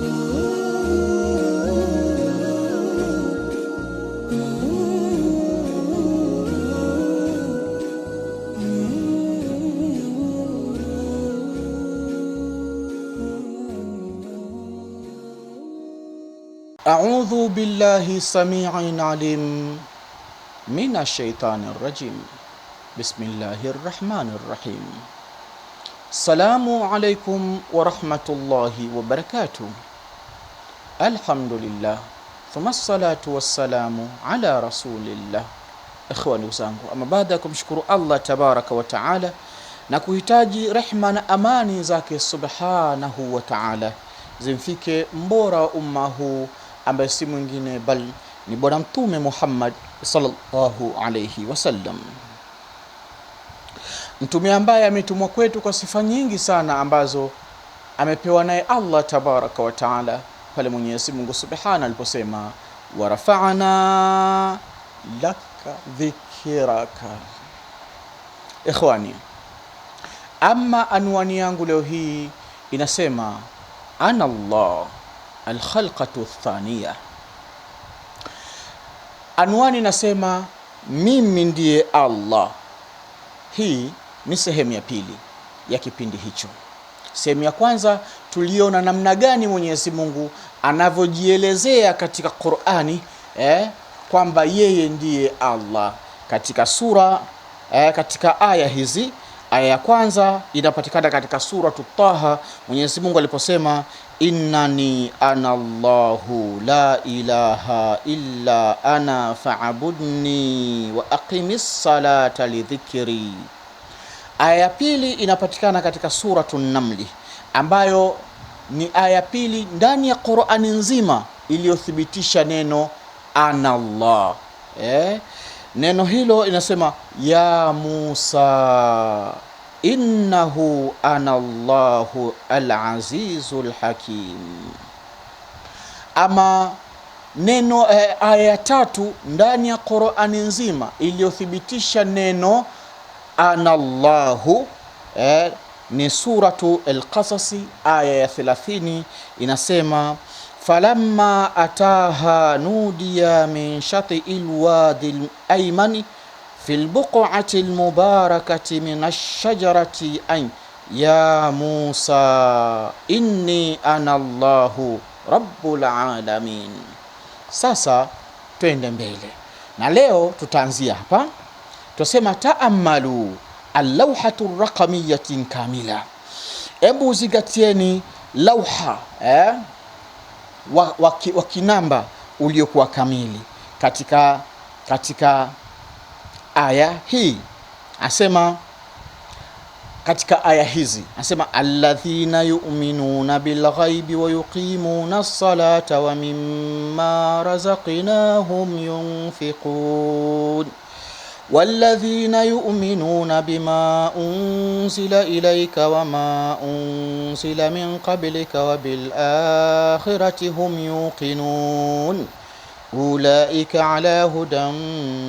أعوذ بالله السميع العليم من الشيطان الرجيم بسم الله الرحمن الرحيم السلام عليكم ورحمة الله وبركاته Alhamdulillah, thumma salatu wassalamu ala rasulillah. Ikhwa, ndugu zangu, ama baada ya kumshukuru Allah tabaraka wa taala na kuhitaji rehma na amani zake subhanahu wa taala zimfike mbora wa umma huu ambaye si mwingine bali ni Bwana Mtume Muhammad sallallahu alayhi wasallam, mtume ambaye ametumwa kwetu kwa sifa nyingi sana ambazo amepewa naye Allah tabaraka wa taala pale Mwenyezi Mungu Subhana aliposema warafa'na laka dhikraka. Ikhwani, ama anwani yangu leo hii inasema ana Allah alkhalqatu thaniya. Anwani inasema mimi ndiye Allah. Hii ni sehemu ya pili ya kipindi hicho. Sehemu ya kwanza tuliona namna gani Mwenyezi Mungu anavyojielezea katika Qur'ani eh, kwamba yeye ndiye Allah katika sura eh, katika aya hizi. Aya ya kwanza inapatikana katika suratu Taha, Mwenyezi Mungu aliposema innani ana Allahu la ilaha illa ana fa'budni wa aqimis salata lidhikri. Aya ya pili inapatikana katika suratu Namli ambayo ni aya pili ndani ya Qur'ani nzima iliyothibitisha neno Allah eh? Neno hilo inasema ya Musa innahu ana Allahu alazizul hakim. Ama neno eh, aya ya tatu ndani ya Qur'ani nzima iliyothibitisha neno Allahu eh, ni Suratu Alqasasi aya ya 30, inasema falamma ataha nudiya min shatii lwadi laimani fi lbuqati lmubarakati min alshajarati an ya Musa inni ana Allahu rabbul alamin. Sasa twende mbele, na leo tutaanzia hapa, tusema taamalu alauhatu rakamiyatin kamila. Hebu uzingatieni lauha eh, wa, kinamba uliokuwa kamili katika, katika aya hii asema katika aya hizi anasema alladhina yu'minuna bilghaibi wa yuqimuna as-salata wa mimma razaqnahum yunfiqun والذين يؤمنون بما أنزل إليك وما أنزل من قبلك وبالآخرة هم يوقنون أولئك على هدى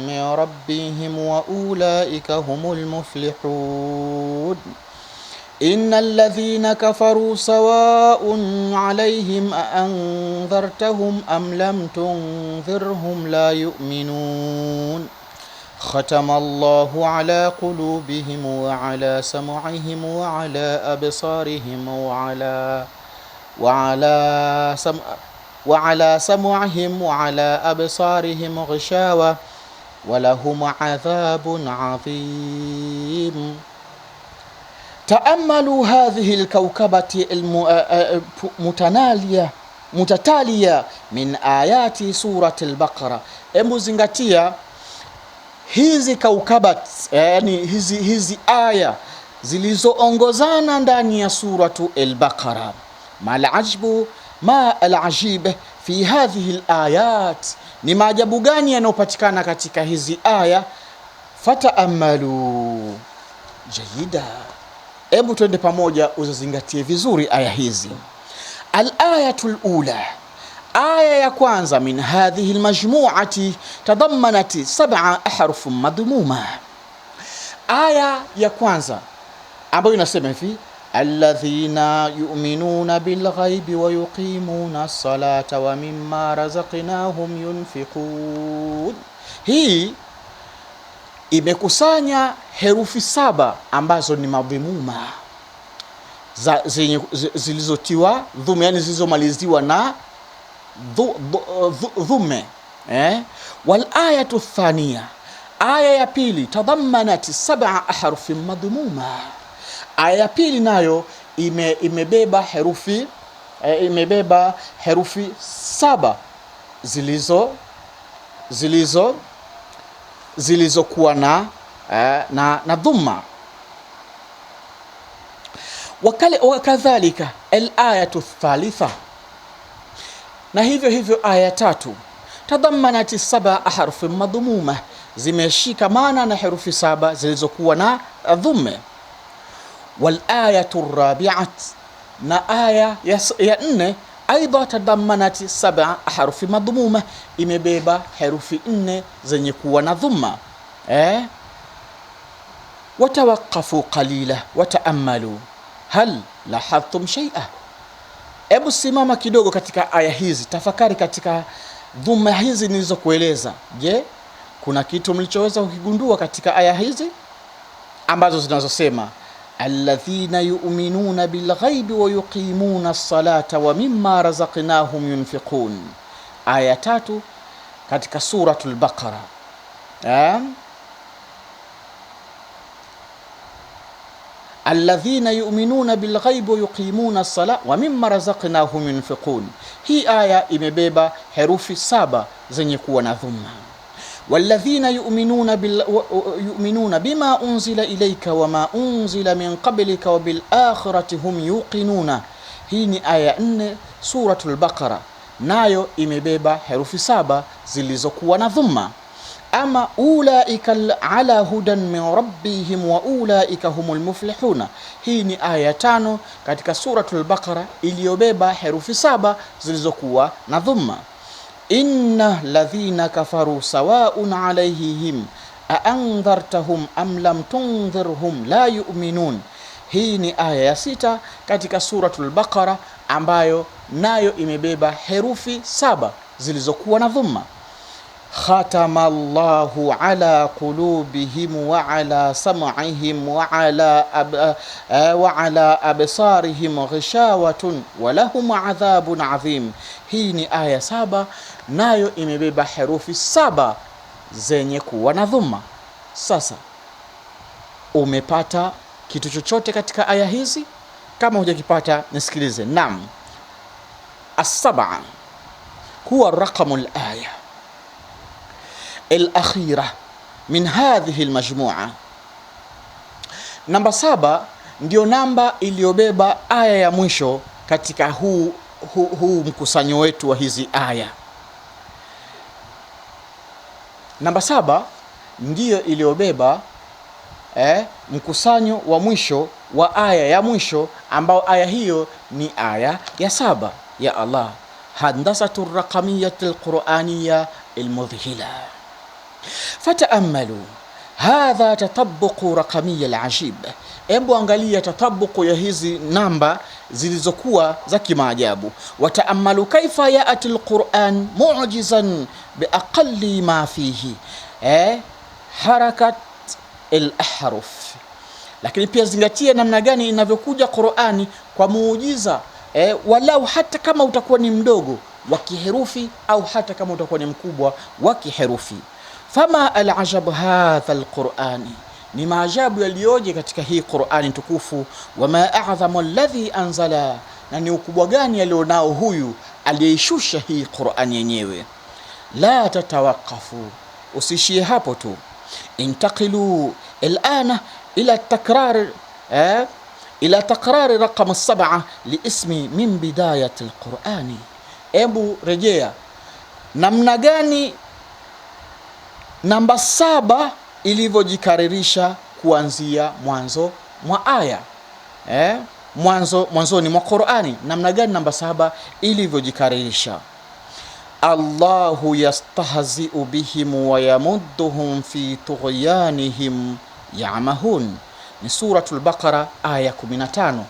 من ربهم وأولئك هم المفلحون إن الذين كفروا سواء عليهم أأنذرتهم أم لم تنذرهم لا يؤمنون ختم الله على قلوبهم وعلى سمعهم وعلى أبصارهم وعلى وعلى سم وعلى سمعهم وعلى أبصارهم غشاوة ولهم عذاب عظيم تأملوا هذه الكوكبة المتنالية متتالية من آيات سورة البقرة إيه زنغتية hizi kaukabat, eh, yani hizi, hizi aya zilizoongozana ndani ya suratu al-Baqara. Malajibu ma alajib fi hadhihi alayat, ni maajabu gani yanayopatikana katika hizi aya. Fataamalu jayida, hebu twende pamoja uzizingatie vizuri aya hizi. Al-ayatul ula Aya ya kwanza min hadhihi lmajmuati tadammanat sab'a ahruf madmuma, aya ya kwanza ambayo inasema hivi alladhina yuminuna bilghaibi wa yuqimuna salata wa mimma razaqnahum yunfiqun. Hii imekusanya herufi saba ambazo ni madhumuma zilizotiwa dhum, yani zilizomaliziwa na dhume eh? wal ayatu thania, aya ya pili tadhammanat sab'a ahrufin madhmuma aya ya pili nayo ime, imebeba herufi eh, imebeba herufi saba zilizo zilizo zilizokuwa na, eh, na na dhumma wakadhalika al ayatu thalitha na hivyo hivyo aya tatu tadhammanati saba harfi madhumuma zimeshikamana na herufi saba zilizokuwa na dhumme. Walayatu rabiat, na aya ya, nne aidha tadhammanati saba harfi madhumuma, imebeba herufi nne zenye kuwa na dhumma eh? Watawaqafu qalila wataamalu hal lahadhtum shay'a Hebu simama kidogo katika aya hizi, tafakari katika dhuma hizi nilizokueleza. Je, kuna kitu mlichoweza kukigundua katika aya hizi ambazo zinazosema alladhina yu'minuna bilghaibi wa yuqimuna as-salata wa mimma razaqnahum yunfiqun, aya tatu katika suratul Baqara. Ehm? alladhina yuminuna bilghaibi yuqimuna as-sala wa mimma razaqnahum yunfiqun. Hii aya imebeba herufi saba zenye kuwa na dhumma walladhina yuminuna, bil, yuminuna bima unzila ilaika wama unzila min qablika wa akhirati hum yuqinuna. Hii ni aya nne Suratul Baqara, nayo imebeba herufi saba zilizokuwa na dhumma ama ulaika ala hudan min rabbihim wa ulaika humul muflihuna. Hii ni aya tano katika Suratul Baqara iliyobeba herufi saba zilizokuwa na dhumma. Inna ladhina kafaru sawaun alaihim aandhartahum am lam tundhirhum la yu'minun. Hii ni aya ya sita katika Suratul Baqara ambayo nayo imebeba herufi saba zilizokuwa na dhumma khatama llahu ala qulubihim wa ala sam'ihim eh, wa ala absarihim ghishawatun wa lahum adhabun adhim. Hii ni aya saba, nayo imebeba herufi saba zenye kuwa na dhuma. Sasa umepata kitu chochote katika aya hizi? Kama hujakipata nisikilize. Naam, assaba huwa raqamul aya al-akhira min hadhihi al-majmua. Namba saba ndio namba iliyobeba aya ya mwisho katika huu hu, hu mkusanyo wetu wa hizi aya. Namba saba ndiyo iliyobeba eh, mkusanyo wa mwisho wa aya ya mwisho ambao aya hiyo ni aya ya saba ya Allah, handasatu raqamiyati lquraniya lmudhhila. Fataamalu hadha tatabuqu rakamiya lajib embo angalia tatabuqu ya hizi namba zilizokuwa za kimaajabu. Wataamalu kaifa yaati lquran mujizan biaqali ma fihi eh, harakat alahruf. Lakini pia zingatia namna gani inavyokuja Qurani kwa muujiza eh, walau hata kama utakuwa ni mdogo wa kiherufi au hata kama utakuwa ni mkubwa wa kiherufi fama alajab hadha alqurani, ni maajabu yaliyoje katika hii Qurani tukufu. Wama adhamu alladhi anzala, na ni ukubwa gani alionao huyu aliyeishusha hii Qurani yenyewe. La tatawaqafu usishie hapo tu. Intaqilu alana ila takrar eh, ila takrari raqam saba liismi min bidayati alqurani. Ebu rejea namna gani namba saba ilivyojikaririsha kuanzia mwanzo mwa aya eh? mwanzo mwanzoni mwa Qur'ani, namna gani namba saba ilivyojikaririsha. Allahu yastahzi'u bihim wa yamudduhum fi tughyanihim yamahun, ni Suratul Baqara aya 15.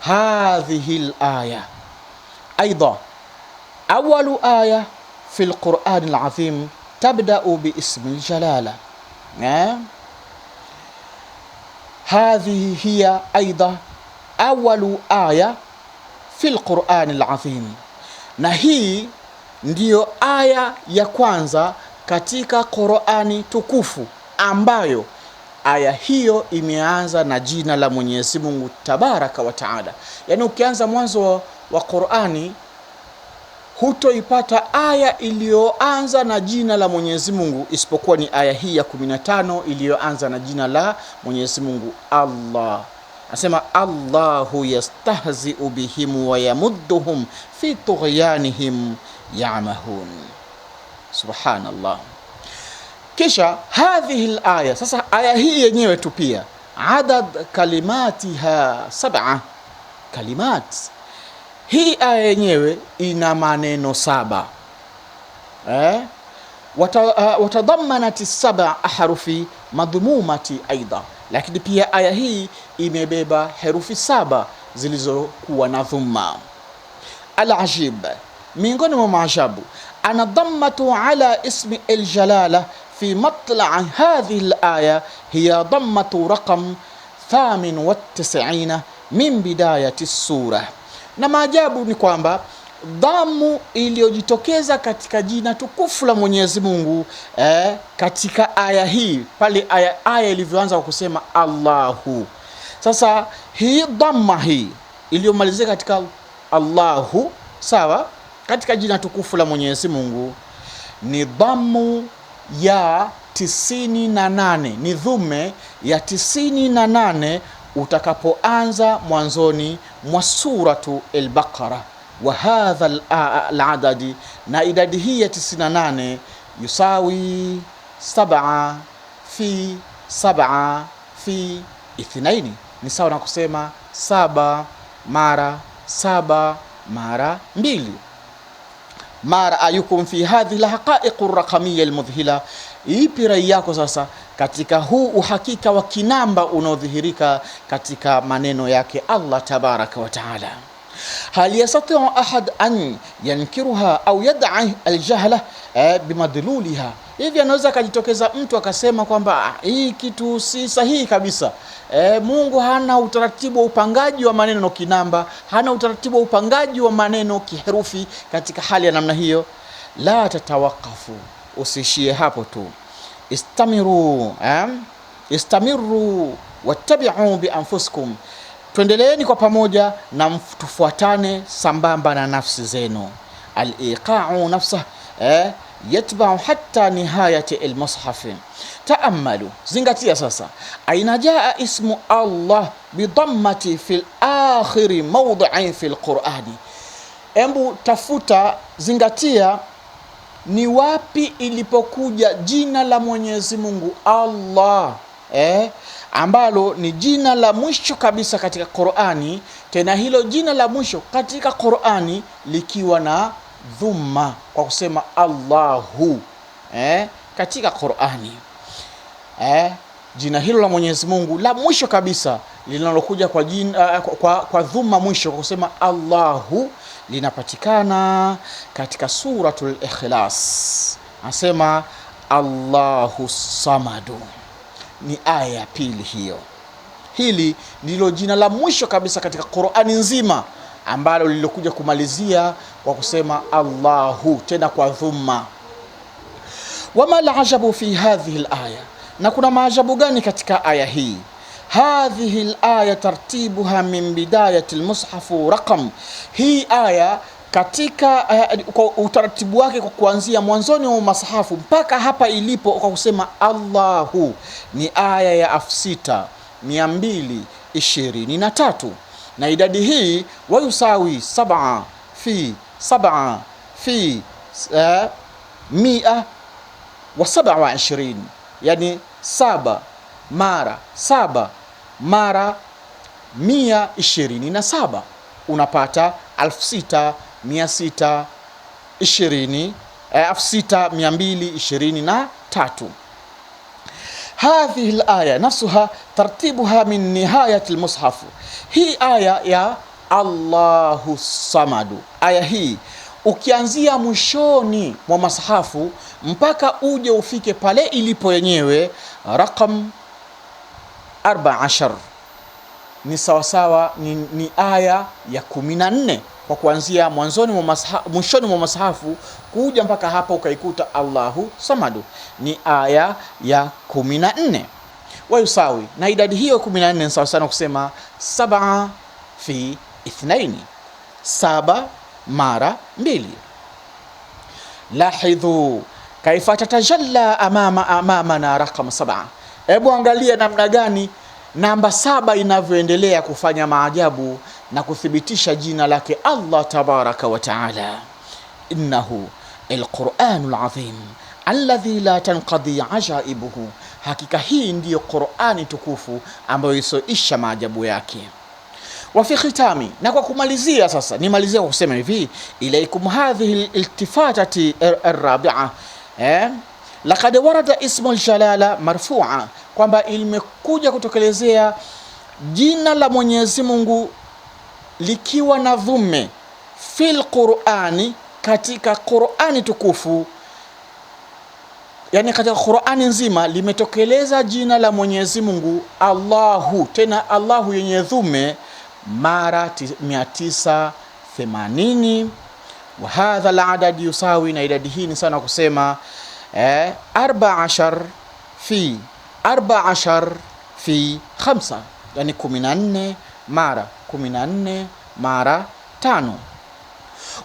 Hadhihi al-aya aidha awalu aya fi al-Qur'ani al tabdau biismi ljalala eh? hadhihi hiya aidha awalu aya fi lqurani ladhim, na hii ndiyo aya ya kwanza katika Qurani tukufu ambayo aya hiyo imeanza na jina la Mwenyezi Mungu tabaraka wa taala. Yaani ukianza mwanzo wa Qurani hutoipata aya iliyoanza na jina la Mwenyezi Mungu isipokuwa ni aya hii ya 15 iliyoanza na jina la Mwenyezi Mungu Allah. Anasema Allahu yastahzi'u bihim wa yamudduhum fi tughyanihim yamahun. Subhanallah. Kisha hadhihi alaya, sasa aya hii yenyewe tu pia, adad kalimatiha sab'a kalimat hii aya yenyewe ina maneno saba eh? Wata, uh, watadhamanati saba harufi madhumumati aidha, lakini pia aya hii imebeba herufi saba zilizokuwa na dhumma. Alajib, miongoni mwa maajabu, ana anadhammatu ala ismi aljalala fi matlai hadhihi laya hiya dhammatu raqam 98 min bidayati surah na maajabu ni kwamba dhamu iliyojitokeza katika jina tukufu la Mwenyezi Mungu eh, katika aya hii pale aya, aya ilivyoanza kwa kusema Allahu. Sasa hii dhamma hii iliyomalizika katika Allahu, sawa, katika jina tukufu la Mwenyezi Mungu ni dhamu ya tisini na nane, ni dhume ya tisini na nane utakapoanza mwanzoni mwa suratu al-Baqara wa hadha al-adadi, na idadi hii ya 98 yusawi sab'a fi sab'a fi ithnaini, ni sawa na kusema saba mara saba mara mbili ma raayukum fi hadhihi lhaqaiqu raqamia lmudhhila, ipi rai yako sasa katika huu uhakika wa kinamba unaodhihirika katika maneno yake Allah tabaraka wa taala. hal yastatiu ahad an yankiruha au yadai aljahla eh, bimadluliha. Hivi anaweza akajitokeza mtu akasema kwamba ah, hii kitu si sahihi kabisa E, Mungu hana utaratibu wa upangaji wa maneno kinamba, hana utaratibu wa upangaji wa maneno kiherufi katika hali ya namna hiyo. La tatawakafu, usiishie hapo tu, istamiru eh? istamiru wattabiu bi anfusikum, tuendeleeni kwa pamoja na tufuatane sambamba na nafsi zenu. Aliqau nafsa eh? yatbau hatta nihayati almushafi. Taamalu, zingatia sasa. Aina jaa ismu Allah bidammati fi lakhiri maudiin fi lqurani. Embu tafuta, zingatia ni wapi ilipokuja jina la Mwenyezi Mungu Allah eh, ambalo ni jina la mwisho kabisa katika Qurani, tena hilo jina la mwisho katika Qurani likiwa na dhumma kwa kusema Allahu eh, katika Qur'ani eh, jina hilo la Mwenyezi Mungu la mwisho kabisa linalokuja kwa, jina, eh, kwa, kwa dhumma mwisho kwa kusema Allahu linapatikana katika Suratul Ikhlas, anasema Allahu samadu. Ni aya ya pili hiyo. Hili ndilo jina la mwisho kabisa katika Qur'ani nzima ambalo lilokuja kumalizia kwa kusema Allahu, tena kwa dhumma. Wama lajabu fi hadhihi laya, na kuna maajabu gani katika aya hii? Hadhihi laya tartibuha min bidayati lmushafu raqam, hii aya katika uh, utaratibu wake kwa kuanzia mwanzoni wa masahafu mpaka hapa ilipo kwa kusema Allahu ni aya ya tatu na idadi hii wayusawi sab'a fi sab'a fi uh, mia wa sab'a wa ishirini, yani saba mara saba mara mia ishirini na saba unapata elfu sita mia sita ishirini elfu eh, sita mia mbili ishirini na tatu hadhihi laya nafsuha tartibuha min nihayati lmushafu, hii aya ya Allahu samadu, aya hii ukianzia mwishoni mwa masahafu mpaka uje ufike pale ilipo yenyewe raqam 14 ni sawasawa ni, ni aya ya 14 kwa kuanzia mwanzoni mwa masahafu, mwishoni mwa masahafu kuja mpaka hapa ukaikuta Allahu Samadu ni aya ya 14 wayusawi, na idadi hiyo 14 ni sawa sana kusema saba fi ithnaini, saba mara mbili. Lahidhu kaifa tatajalla amama amamana rakam saba. Hebu angalia namna gani namba saba inavyoendelea kufanya maajabu na kuthibitisha jina lake Allah tabaraka wa taala, innahu alquranul azim alladhi la tanqadi ajaibuhu, hakika hii ndiyo Qurani tukufu ambayo isoisha maajabu yake. Wa fi khitami, na kwa kumalizia sasa, nimalizia kwa kusema hivi ilaikum hadhihi iltifatati arrabia eh? Lakad warada ismu ljalala marfua, kwamba imekuja kutokelezea jina la Mwenyezi Mungu likiwa na dhume fil Qur'ani, katika Qur'ani tukufu, yani katika Qur'ani nzima limetokeleza jina la Mwenyezi Mungu Allahu, tena Allahu yenye dhume mara 980 wa hadha la yusawi, na idadi hii ni sana kusema eh, 14 fi 14 fi 5, yani 14 mara 14 mara tano.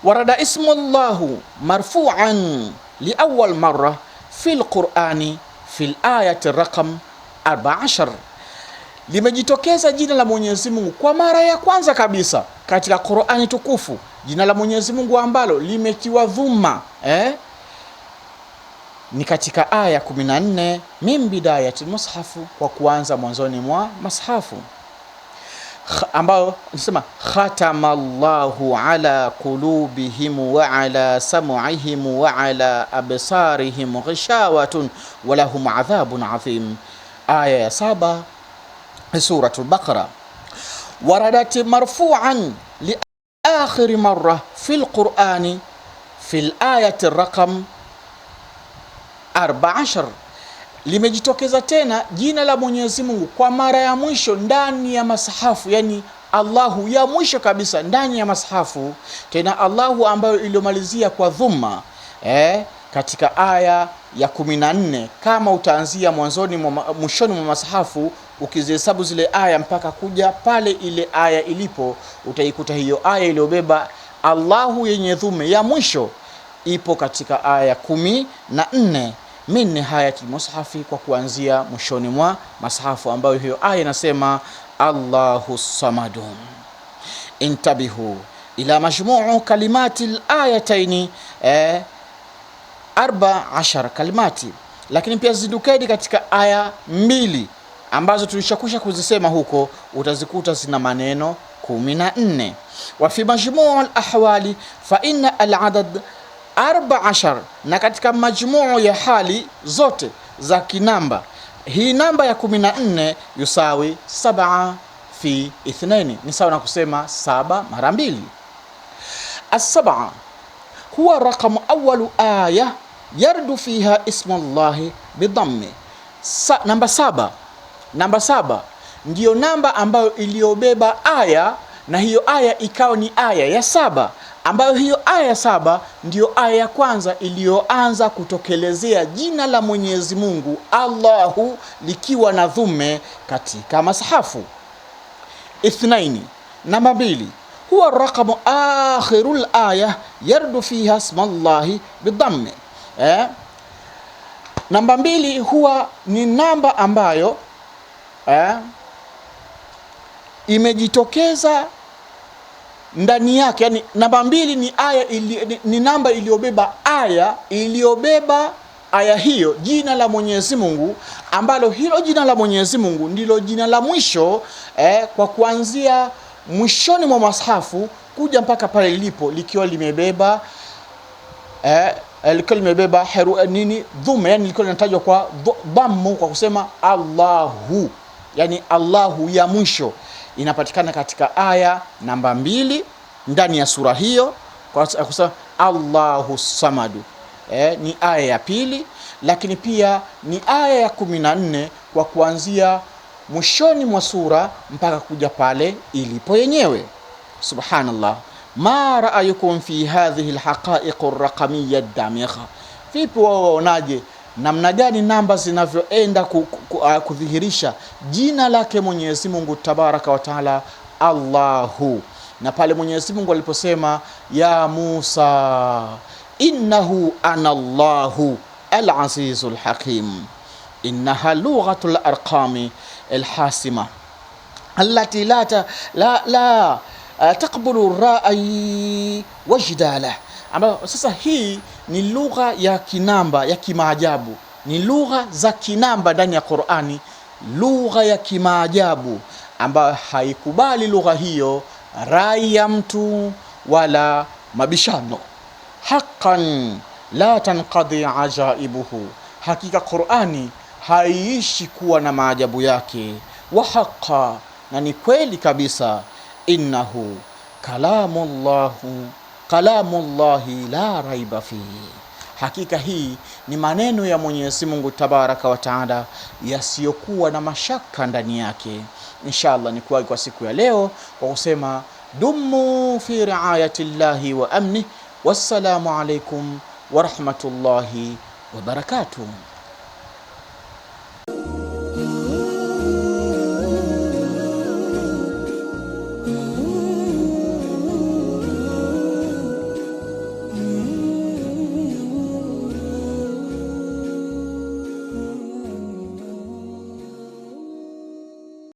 Warada ismu llahu marfuan liawal mara fi lqurani fi layati raqam 14, limejitokeza jina la Mwenyezi Mungu kwa mara ya kwanza kabisa katika Qurani tukufu, jina la Mwenyezi Mungu ambalo limetiwa dhuma eh? ni katika aya 14 min bidayati mushafu, kwa kuanza mwanzoni mwa mashafu. ambao nasema khatama Allahu ala qulubihim wa ala sam'ihim wa ala absarihim ghishawatun wa lahum adhabun adhim, aya ya saba suratul Baqara. Waradat marfu'an li akhir marra fi Qur'ani fil ayati raqam 14 limejitokeza tena jina la Mwenyezi Mungu kwa mara ya mwisho ndani ya masahafu, yani Allahu ya mwisho kabisa ndani ya masahafu, tena Allahu ambayo iliyomalizia kwa dhumma eh, katika aya ya 14 kama utaanzia mwanzoni mwishoni mwa masahafu ukizihesabu zile aya mpaka kuja pale ile aya ilipo, utaikuta hiyo aya iliyobeba Allahu yenye dhume ya mwisho ipo katika aya kumi na nne min nihayati lmushafi, kwa kuanzia mwishoni mwa mashafu, ambayo hiyo aya inasema Allahu samadu. Intabihu ila majmuu kalimati layataini eh, 14 kalimati, lakini pia zindukeni katika aya mbili ambazo tulishakusha kuzisema huko, utazikuta zina maneno kumi na nne. Wa fi majmuu alahwali fa inna aladad arba ashar, na katika majmuu ya hali zote za kinamba hii namba ya 14 yusawi sab'a fi ithnaini, ni sawa na kusema saba mara mbili. as huwa raqamu awalu aya yardu fiha ismu llahi bidhammi. Sa, namba saba, namba saba ndiyo namba ambayo iliyobeba aya na hiyo aya ikawa ni aya ya saba ambayo hiyo aya ya saba ndiyo aya ya kwanza iliyoanza kutokelezea jina la Mwenyezi Mungu Allahu likiwa na dhume katika masahafu. Ithnaini, namba mbili, huwa raqamu akhirul laya yardu fiha smallahi bidamme. Eh? Namba mbili huwa ni namba ambayo eh, imejitokeza ndani yake, yani namba mbili ni aya ili, ni, ni namba iliyobeba aya iliyobeba aya hiyo jina la Mwenyezi Mungu, ambalo hilo jina la Mwenyezi Mungu ndilo jina la mwisho eh, kwa kuanzia mwishoni mwa mashafu kuja mpaka pale lilipo likiwa limebeba eh, likiwa limebeba heru eh, nini dhume, yani likiwa linatajwa kwa dhammu kwa kusema Allahu, yani Allahu ya mwisho inapatikana katika aya namba mbili ndani ya sura hiyo kwa kusema Allahu samadu. Eh, ni aya ya pili, lakini pia ni aya ya kumi na nne kwa kuanzia mwishoni mwa sura mpaka kuja pale ilipo yenyewe. Subhanallah, ma raayukum fi hadhihi alhaqaiq arraqamiyya damigha. Vipi wao waonaje namna gani namba zinavyoenda ah, kudhihirisha jina lake Mwenyezi Mungu tabaraka wa taala, Allahu. Na pale Mwenyezi Mungu aliposema ya Musa, innahu ana Allahu alazizu lhakim hakim, innaha lughatul arqami alhasima allati la, la, la ah, taqbulu rai wajdalah ambayo sasa hii ni lugha ya kinamba ya kimaajabu, ni lugha za kinamba ndani ya Qur'ani, lugha ya kimaajabu ambayo haikubali lugha hiyo rai ya mtu wala mabishano. Haqqan la tanqadi ajaibuhu, hakika Qur'ani haiishi kuwa na maajabu yake. Wa haqqa, na ni kweli kabisa, innahu kalamullahu kalamu llahi la raiba fihi, hakika hii ni maneno ya Mwenyezi Mungu tabaraka wa taala yasiyokuwa na mashaka ndani yake. Inshallah ni kuwagi kwa siku ya leo kwa kusema dumu fi riayati llahi wa amnih. Wassalamu alaikum warahmatullahi wabarakatuh.